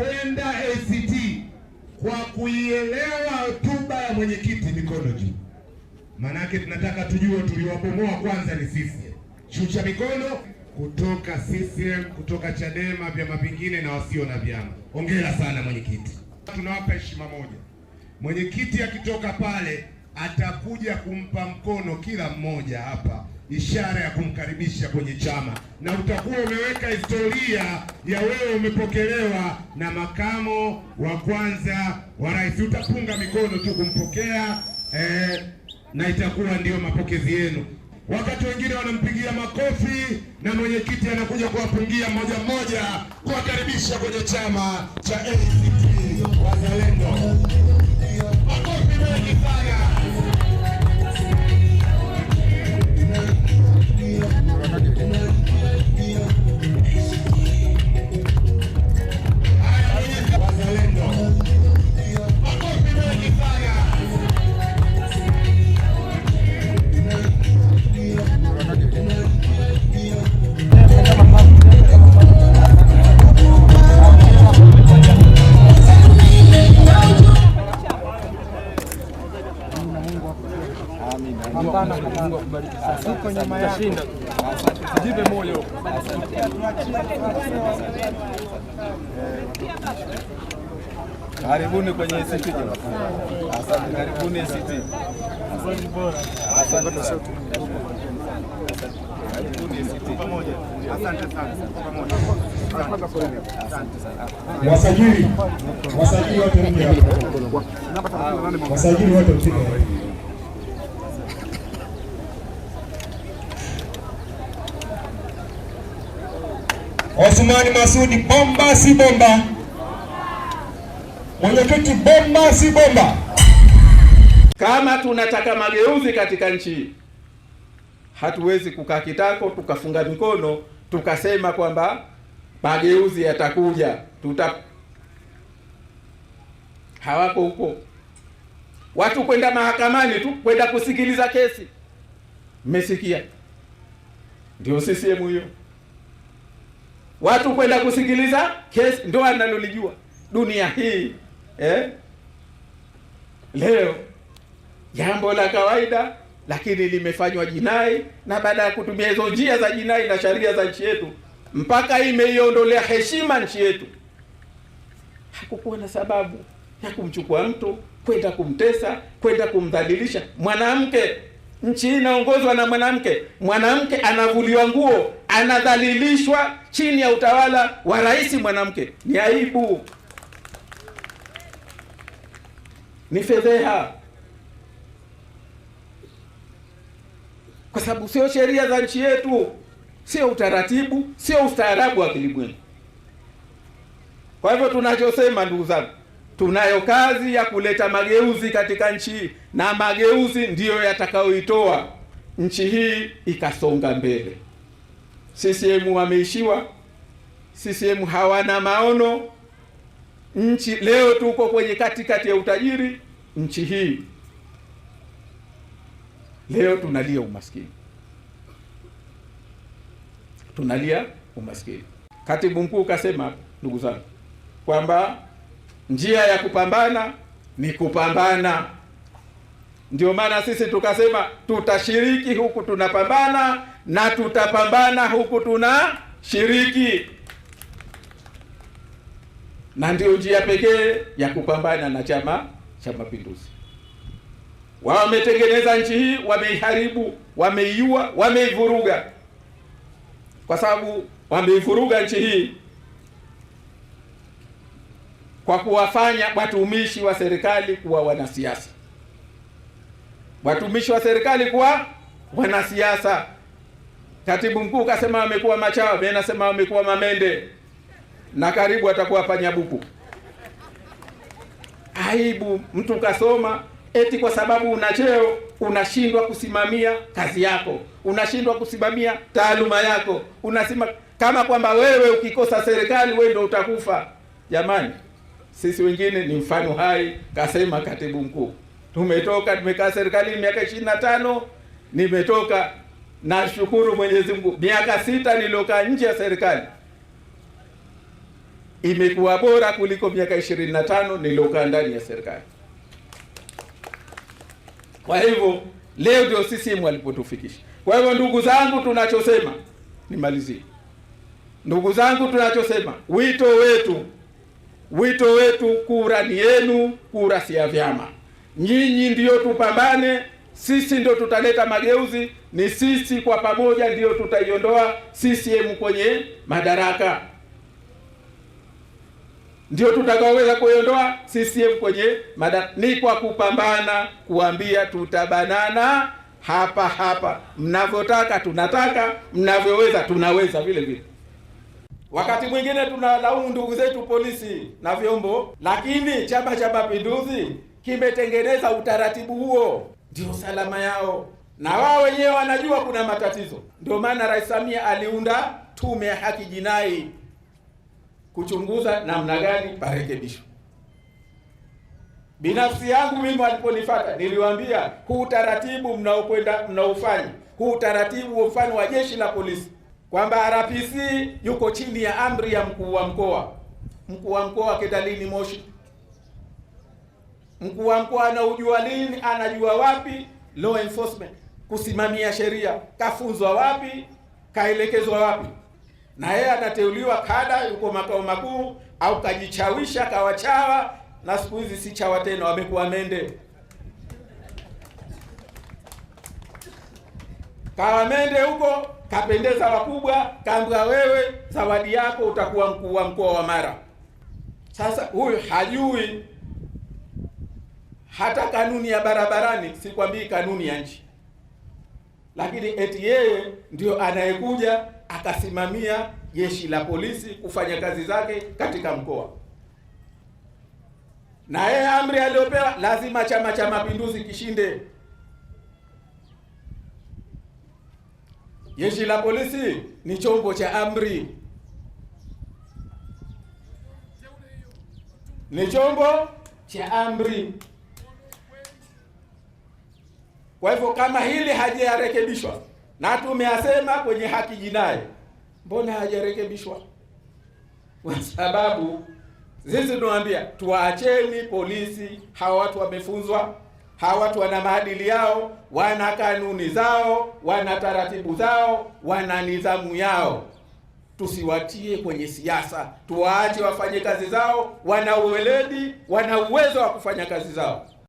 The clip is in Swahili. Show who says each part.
Speaker 1: kwenda ACT kwa kuielewa hotuba ya mwenyekiti, mikono juu. Maanake tunataka tujue tuliwabomoa kwanza ni sisi. Shusha mikono kutoka CCM, kutoka Chadema, vyama vingine na wasio na vyama. Hongera sana mwenyekiti, tunawapa heshima moja. Mwenyekiti akitoka pale atakuja kumpa mkono kila mmoja hapa ishara ya kumkaribisha kwenye chama, na utakuwa umeweka historia ya wewe umepokelewa na makamo wa kwanza wa rais. Utapunga mikono tu kumpokea eh, na itakuwa ndiyo mapokezi yenu. Wakati wengine wanampigia makofi na mwenyekiti anakuja kuwapungia moja mmoja kuwakaribisha kwenye chama cha ACT Wazalendo. Tuko nyuma yako. Jipe moyo. Karibuni kwenye ACT Asante, karibuni ACT. Asante sana. Wasajili wasajili wote Wasajili wote mje Osumani Masudi, bomba si bomba? Mwenyekiti, bomba si bomba? Kama tunataka mageuzi katika nchi hii, hatuwezi kukaa kitako tukafunga mikono tukasema kwamba mageuzi yatakuja, tuta hawako huko watu kwenda mahakamani tu kwenda kusikiliza kesi. Mmesikia, ndio CCM hiyo watu kwenda kusikiliza kesi, ndo analolijua dunia hii eh? Leo jambo la kawaida, lakini limefanywa jinai, na baada ya kutumia hizo njia za jinai na sharia za nchi yetu, mpaka imeiondolea heshima nchi yetu. Hakukuwa na sababu ya kumchukua mtu kwenda kumtesa, kwenda kumdhalilisha mwanamke. Nchi hii inaongozwa na mwanamke. Mwanamke anavuliwa nguo, anadhalilishwa chini ya utawala wa rais mwanamke. Ni aibu, ni fedheha, kwa sababu sio sheria za nchi yetu, sio utaratibu, sio ustaarabu wa kilimwengu. Kwa hivyo tunachosema, ndugu zangu Tunayo kazi ya kuleta mageuzi katika nchi hii, na mageuzi ndiyo yatakayoitoa nchi hii ikasonga mbele. CCM wameishiwa, CCM hawana maono. Nchi leo tuko kwenye katikati ya utajiri, nchi hii leo tunalia umaskini, tunalia umaskini. Katibu mkuu kasema, ndugu zangu, kwamba njia ya kupambana ni kupambana. Ndio maana sisi tukasema tutashiriki huku tunapambana na tutapambana huku tunashiriki, na ndio njia pekee ya kupambana na Chama cha Mapinduzi. Wametengeneza nchi hii, wameiharibu, wameiua, wameivuruga, kwa sababu wameivuruga nchi hii kwa kuwafanya watumishi wa serikali kuwa wanasiasa, watumishi wa serikali kuwa wanasiasa. Katibu mkuu kasema wamekuwa machawa, mimi nasema wamekuwa mamende, na karibu atakuwa panyabuku. Aibu mtu kasoma, eti kwa sababu una cheo unashindwa kusimamia kazi yako, unashindwa kusimamia taaluma yako, unasema kama kwamba wewe ukikosa serikali wewe ndio utakufa. Jamani, sisi wengine ni mfano hai, kasema katibu mkuu. Tumetoka tumekaa serikali miaka ishirini na tano nimetoka nashukuru Mwenyezi Mungu, miaka sita niliokaa nje ya serikali imekuwa bora kuliko miaka ishirini na tano niliokaa ndani ya serikali. Kwa hivyo leo ndio CCM walipotufikisha Kwa hivyo ndugu zangu, tunachosema nimalizie, ndugu zangu, tunachosema wito wetu Wito wetu kura ni yenu, kura si ya vyama. Nyinyi ndiyo tupambane, sisi ndio tutaleta mageuzi, ni sisi kwa pamoja ndiyo tutaiondoa CCM kwenye madaraka, ndio tutakaoweza kuiondoa CCM kwenye madaraka. Ni kwa kupambana, kuambia tutabanana hapa hapa, mnavyotaka tunataka, mnavyoweza tunaweza vile vile. Wakati mwingine tunalaumu ndugu zetu polisi na vyombo, lakini Chama cha Mapinduzi kimetengeneza utaratibu huo, ndio salama yao, na wao wenyewe wanajua kuna matatizo. Ndio maana Rais Samia aliunda tume ya haki jinai kuchunguza namna gani parekebisho. Binafsi yangu mimi, waliponifuata niliwaambia, huu utaratibu mnaokwenda mnaofanya, huu utaratibu wa mfano wa jeshi la polisi kwamba RPC yuko chini ya amri ya mkuu wa mkoa. Mkuu wa mkoa akenda lini Moshi? Mkuu wa mkoa anaujua lini? Anajua wapi law enforcement kusimamia sheria? Kafunzwa wapi? Kaelekezwa wapi? Na yeye anateuliwa kada, yuko makao makuu, au kajichawisha, kawachawa na siku hizi si chawa tena, wamekuwa mende. Kawa mende huko kapendeza wakubwa, kambwa wewe zawadi yako utakuwa mkuu wa mkoa wa Mara. Sasa huyu hajui hata kanuni ya barabarani, sikwambii kanuni ya nchi, lakini eti yeye ndio anayekuja akasimamia jeshi la polisi kufanya kazi zake katika mkoa. Na yeye amri aliyopewa lazima Chama cha Mapinduzi kishinde. Jeshi la polisi ni chombo cha amri, ni chombo cha amri. Kwa hivyo kama hili hajarekebishwa, na tumeyasema kwenye haki jinai, mbona hajarekebishwa? Kwa sababu sisi tunawaambia tuwaacheni polisi, hawa watu wamefunzwa Hawa watu wana maadili yao, wana kanuni zao, wana taratibu zao, wana nidhamu yao. Tusiwatie kwenye siasa, tuwaache wafanye kazi zao. Wana uweledi, wana uwezo wa kufanya kazi zao.